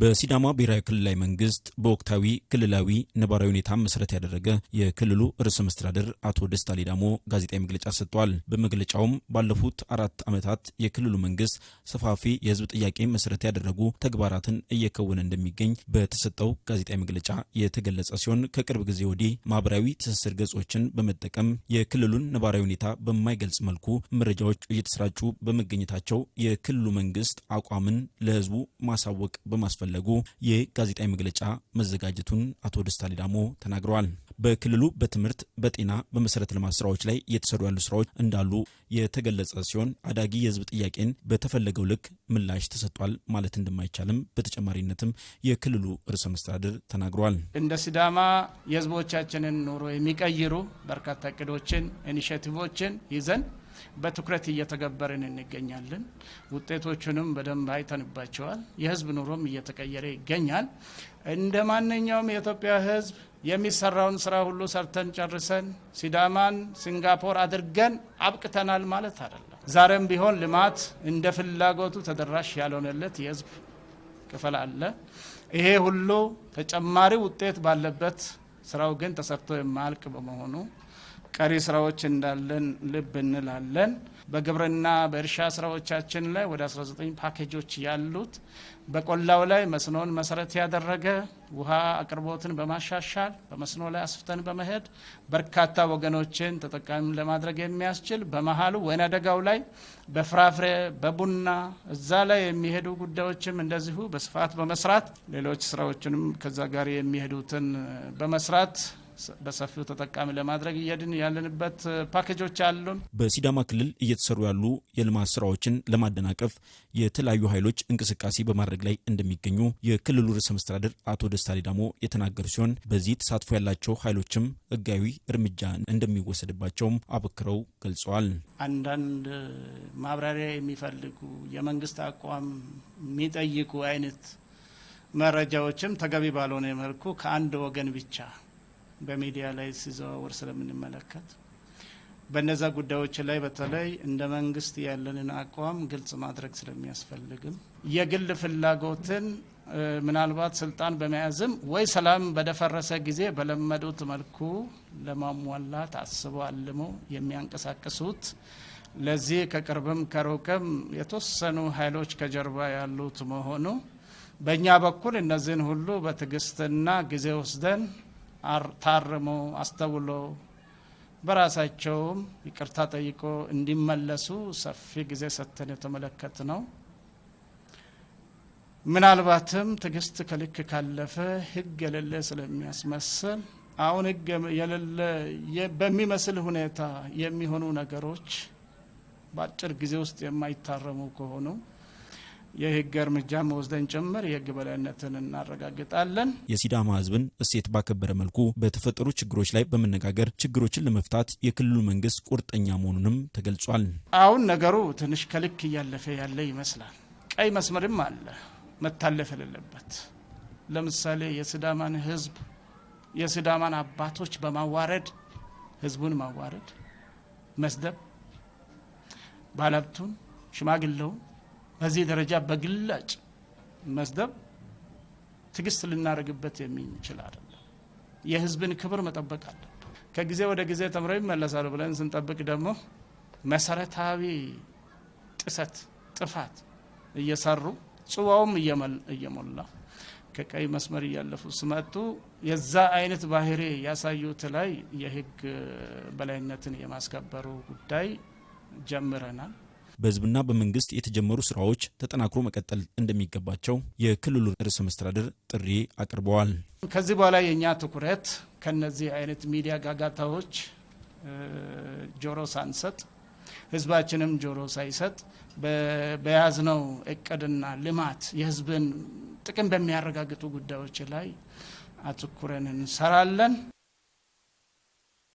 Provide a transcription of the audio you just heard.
በሲዳማ ብሔራዊ ክልላዊ መንግስት በወቅታዊ ክልላዊ ነባራዊ ሁኔታ መሰረት ያደረገ የክልሉ ርዕሰ መስተዳድር አቶ ደስታ ሌዳሞ ጋዜጣዊ መግለጫ ሰጥቷል። በመግለጫውም ባለፉት አራት ዓመታት የክልሉ መንግስት ሰፋፊ የህዝብ ጥያቄ መሰረት ያደረጉ ተግባራትን እየከወነ እንደሚገኝ በተሰጠው ጋዜጣዊ መግለጫ የተገለጸ ሲሆን ከቅርብ ጊዜ ወዲህ ማህበራዊ ትስስር ገጾችን በመጠቀም የክልሉን ነባራዊ ሁኔታ በማይገልጽ መልኩ መረጃዎች እየተሰራጩ በመገኘታቸው የክልሉ መንግስት አቋምን ለህዝቡ ማሳወቅ በማስፈል እንደፈለጉ የጋዜጣዊ መግለጫ መዘጋጀቱን አቶ ደስታ ሌዳሞ ተናግረዋል። በክልሉ በትምህርት፣ በጤና፣ በመሰረተ ልማት ስራዎች ላይ እየተሰሩ ያሉ ስራዎች እንዳሉ የተገለጸ ሲሆን አዳጊ የህዝብ ጥያቄን በተፈለገው ልክ ምላሽ ተሰጥቷል ማለት እንደማይቻልም በተጨማሪነትም የክልሉ ርዕሰ መስተዳድር ተናግረዋል። እንደ ሲዳማ የህዝቦቻችንን ኑሮ የሚቀይሩ በርካታ እቅዶችን ኢኒሽቲቮችን ይዘን በትኩረት እየተገበርን እንገኛለን። ውጤቶቹንም በደንብ አይተንባቸዋል። የህዝብ ኑሮም እየተቀየረ ይገኛል። እንደ ማንኛውም የኢትዮጵያ ህዝብ የሚሰራውን ስራ ሁሉ ሰርተን ጨርሰን ሲዳማን ሲንጋፖር አድርገን አብቅተናል ማለት አይደለም። ዛሬም ቢሆን ልማት እንደ ፍላጎቱ ተደራሽ ያልሆነለት የህዝብ ክፍል አለ። ይሄ ሁሉ ተጨማሪ ውጤት ባለበት ስራው ግን ተሰርቶ የማያልቅ በመሆኑ ቀሪ ስራዎች እንዳለን ልብ እንላለን። በግብርና በእርሻ ስራዎቻችን ላይ ወደ 19 ፓኬጆች ያሉት በቆላው ላይ መስኖን መሰረት ያደረገ ውሃ አቅርቦትን በማሻሻል በመስኖ ላይ አስፍተን በመሄድ በርካታ ወገኖችን ተጠቃሚ ለማድረግ የሚያስችል በመሀሉ አደጋው ላይ በፍራፍሬ በቡና እዛ ላይ የሚሄዱ ጉዳዮችም እንደዚሁ በስፋት በመስራት ሌሎች ስራዎችንም ከዛ ጋር የሚሄዱትን በመስራት በሰፊው ተጠቃሚ ለማድረግ እየድን ያለንበት ፓኬጆች አሉን። በሲዳማ ክልል እየተሰሩ ያሉ የልማት ስራዎችን ለማደናቀፍ የተለያዩ ኃይሎች እንቅስቃሴ በማድረግ ላይ እንደሚገኙ የክልሉ ርዕሰ መስተዳድር አቶ ደስታ ሌዳሞ የተናገሩ ሲሆን በዚህ ተሳትፎ ያላቸው ኃይሎችም ህጋዊ እርምጃ እንደሚወሰድባቸውም አበክረው ገልጸዋል። አንዳንድ ማብራሪያ የሚፈልጉ የመንግስት አቋም የሚጠይቁ አይነት መረጃዎችም ተገቢ ባልሆነ መልኩ ከአንድ ወገን ብቻ በሚዲያ ላይ ሲዘዋወር ስለምንመለከት በነዛ ጉዳዮች ላይ በተለይ እንደ መንግስት ያለንን አቋም ግልጽ ማድረግ ስለሚያስፈልግም የግል ፍላጎትን ምናልባት ስልጣን በመያዝም ወይ ሰላም በደፈረሰ ጊዜ በለመዱት መልኩ ለማሟላት አስበው አልሞ የሚያንቀሳቅሱት ለዚህ ከቅርብም ከሩቅም የተወሰኑ ኃይሎች ከጀርባ ያሉት መሆኑ በእኛ በኩል እነዚህን ሁሉ በትዕግስትና ጊዜ ወስደን ታርሞ አስተውሎ በራሳቸውም ይቅርታ ጠይቆ እንዲመለሱ ሰፊ ጊዜ ሰጥተን የተመለከት ነው። ምናልባትም ትዕግስት ከልክ ካለፈ ህግ የሌለ ስለሚያስመስል አሁን ህግ የሌለ በሚመስል ሁኔታ የሚሆኑ ነገሮች በአጭር ጊዜ ውስጥ የማይታረሙ ከሆኑ የህግ እርምጃ መወስደን ጭምር የህግ በላይነትን እናረጋግጣለን። የሲዳማ ህዝብን እሴት ባከበረ መልኩ በተፈጠሩ ችግሮች ላይ በመነጋገር ችግሮችን ለመፍታት የክልሉ መንግስት ቁርጠኛ መሆኑንም ተገልጿል። አሁን ነገሩ ትንሽ ከልክ እያለፈ ያለ ይመስላል። ቀይ መስመርም አለ መታለፍ የሌለበት ለምሳሌ የሲዳማን ህዝብ የሲዳማን አባቶች በማዋረድ ህዝቡን ማዋረድ፣ መስደብ፣ ባለሀብቱን፣ ሽማግሌውን በዚህ ደረጃ በግላጭ መስደብ ትግስት ልናደርግበት የሚችል አይደለም። የህዝብን ክብር መጠበቅ አለ። ከጊዜ ወደ ጊዜ ተምረው ይመለሳሉ ብለን ስንጠብቅ ደግሞ መሰረታዊ ጥሰት፣ ጥፋት እየሰሩ ጽዋውም እየሞላ ከቀይ መስመር እያለፉ ስመጡ የዛ አይነት ባህሬ ያሳዩት ላይ የህግ በላይነትን የማስከበሩ ጉዳይ ጀምረናል። በህዝብና በመንግስት የተጀመሩ ስራዎች ተጠናክሮ መቀጠል እንደሚገባቸው የክልሉ ርዕሰ መስተዳድር ጥሪ አቅርበዋል። ከዚህ በኋላ የእኛ ትኩረት ከነዚህ አይነት ሚዲያ ጋጋታዎች ጆሮ ሳንሰጥ ህዝባችንም ጆሮ ሳይሰጥ በያዝነው እቅድና ልማት የህዝብን ጥቅም በሚያረጋግጡ ጉዳዮች ላይ አትኩረን እንሰራለን።